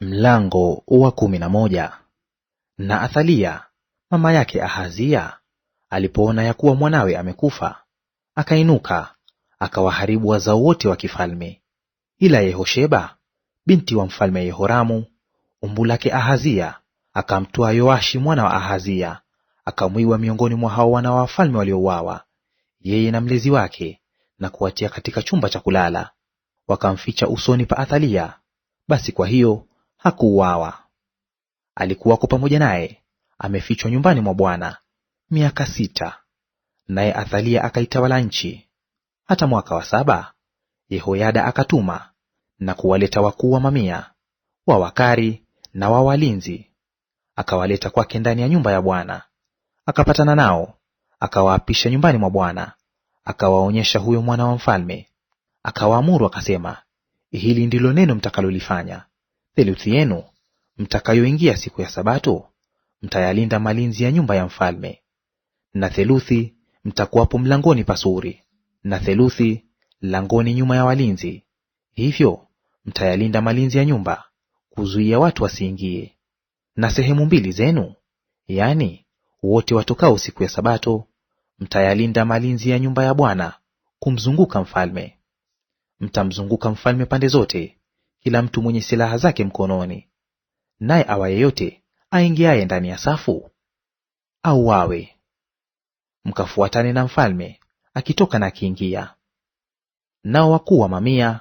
Mlango wa kumi na moja. Na Athalia mama yake Ahazia alipoona ya kuwa mwanawe amekufa, akainuka akawaharibu wazao wote wa kifalme. Ila Yehosheba binti wa mfalme Yehoramu umbu lake Ahazia akamtoa Yoashi mwana wa Ahazia akamwiba miongoni mwa hao wana wa wafalme waliouawa, yeye na mlezi wake, na kuwatia katika chumba cha kulala, wakamficha usoni pa Athalia. Basi kwa hiyo hakuuawa. Alikuwako pamoja naye amefichwa nyumbani mwa Bwana miaka sita, naye Athalia akaitawala nchi. Hata mwaka wa saba Yehoyada akatuma na kuwaleta wakuu wa mamia wa Wakari na wa walinzi, akawaleta kwake ndani ya nyumba ya Bwana. Akapatana nao, akawaapisha nyumbani mwa Bwana, akawaonyesha huyo mwana wa mfalme. Akawaamuru akasema, hili ndilo neno mtakalolifanya. Theluthi yenu mtakayoingia siku ya Sabato mtayalinda malinzi ya nyumba ya mfalme; na theluthi mtakuwapo mlangoni pasuri, na theluthi langoni nyuma ya walinzi; hivyo mtayalinda malinzi ya nyumba, kuzuia watu wasiingie. Na sehemu mbili zenu, yaani wote watokao siku ya Sabato, mtayalinda malinzi ya nyumba ya Bwana kumzunguka mfalme. Mtamzunguka mfalme pande zote kila mtu mwenye silaha zake mkononi. Naye awa yeyote aingiaye ndani ya safu au wawe Mkafuatane na mfalme akitoka na akiingia. Nao wakuu wa mamia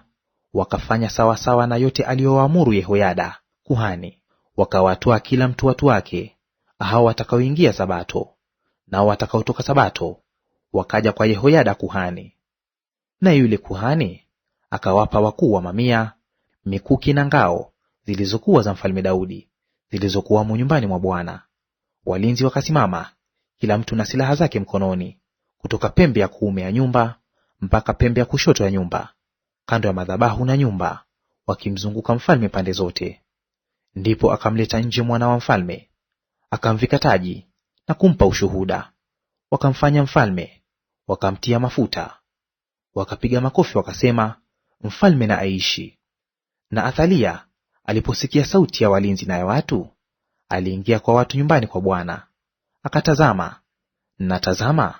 wakafanya sawasawa na yote aliyowaamuru Yehoyada kuhani, wakawatoa kila mtu watu wake, hao watakaoingia Sabato nao watakaotoka Sabato, wakaja kwa Yehoyada kuhani. Naye yule kuhani akawapa wakuu wa mamia mikuki na ngao zilizokuwa za mfalme Daudi zilizokuwamo nyumbani mwa Bwana. Walinzi wakasimama kila mtu na silaha zake mkononi, kutoka pembe ya kuume ya nyumba mpaka pembe ya kushoto ya nyumba, kando ya madhabahu na nyumba, wakimzunguka mfalme pande zote. Ndipo akamleta nje mwana wa mfalme, akamvika taji na kumpa ushuhuda. Wakamfanya mfalme, wakamtia mafuta, wakapiga makofi, wakasema, mfalme na aishi. Na Athalia aliposikia sauti ya walinzi na ya watu, aliingia kwa watu nyumbani kwa Bwana. Akatazama, na tazama,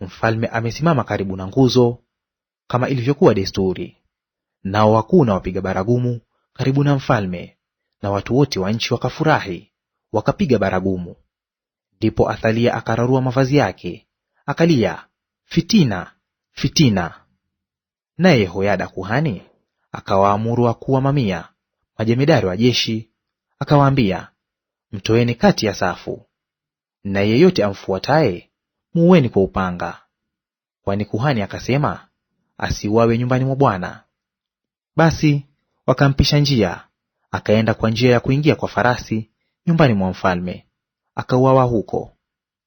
mfalme amesimama karibu na nguzo kama ilivyokuwa desturi, nao wakuu na wapiga baragumu karibu na mfalme, na watu wote wa nchi wakafurahi, wakapiga baragumu. Ndipo Athalia akararua mavazi yake, akalia, Fitina, fitina! Naye Yehoyada kuhani akawaamuru wakuu wa mamia, majemedari wa jeshi, akawaambia, mtoeni kati ya safu, na yeyote amfuataye muueni kwa upanga, kwani kuhani akasema asiuawe nyumbani mwa Bwana. Basi wakampisha njia, akaenda kwa njia ya kuingia kwa farasi nyumbani mwa mfalme, akauawa huko.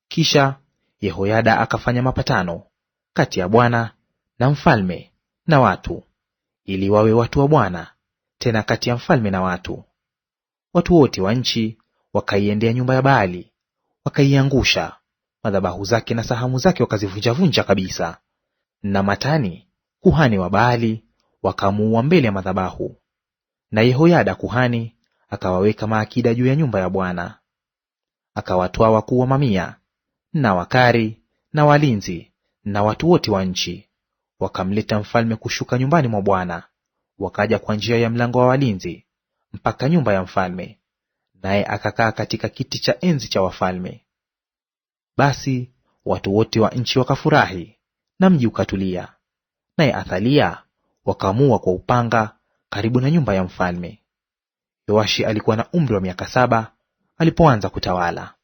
Kisha Yehoyada akafanya mapatano kati ya Bwana na mfalme na watu, ili wawe watu wa Bwana, tena kati ya mfalme na watu. Watu wote wa nchi wakaiendea nyumba ya Baali, wakaiangusha; madhabahu zake na sahamu zake wakazivunjavunja kabisa, na Matani kuhani wa Baali wakamuua mbele ya madhabahu. Na Yehoyada kuhani akawaweka maakida juu ya nyumba ya Bwana. akawatoa wakuu wa mamia na wakari na walinzi na watu wote wa nchi, wakamleta mfalme kushuka nyumbani mwa Bwana, wakaja kwa njia ya mlango wa walinzi mpaka nyumba ya mfalme, naye akakaa katika kiti cha enzi cha wafalme. Basi watu wote wa nchi wakafurahi, na mji ukatulia. Naye Athalia wakamua kwa upanga karibu na nyumba ya mfalme. Yoashi alikuwa na umri wa miaka saba alipoanza kutawala.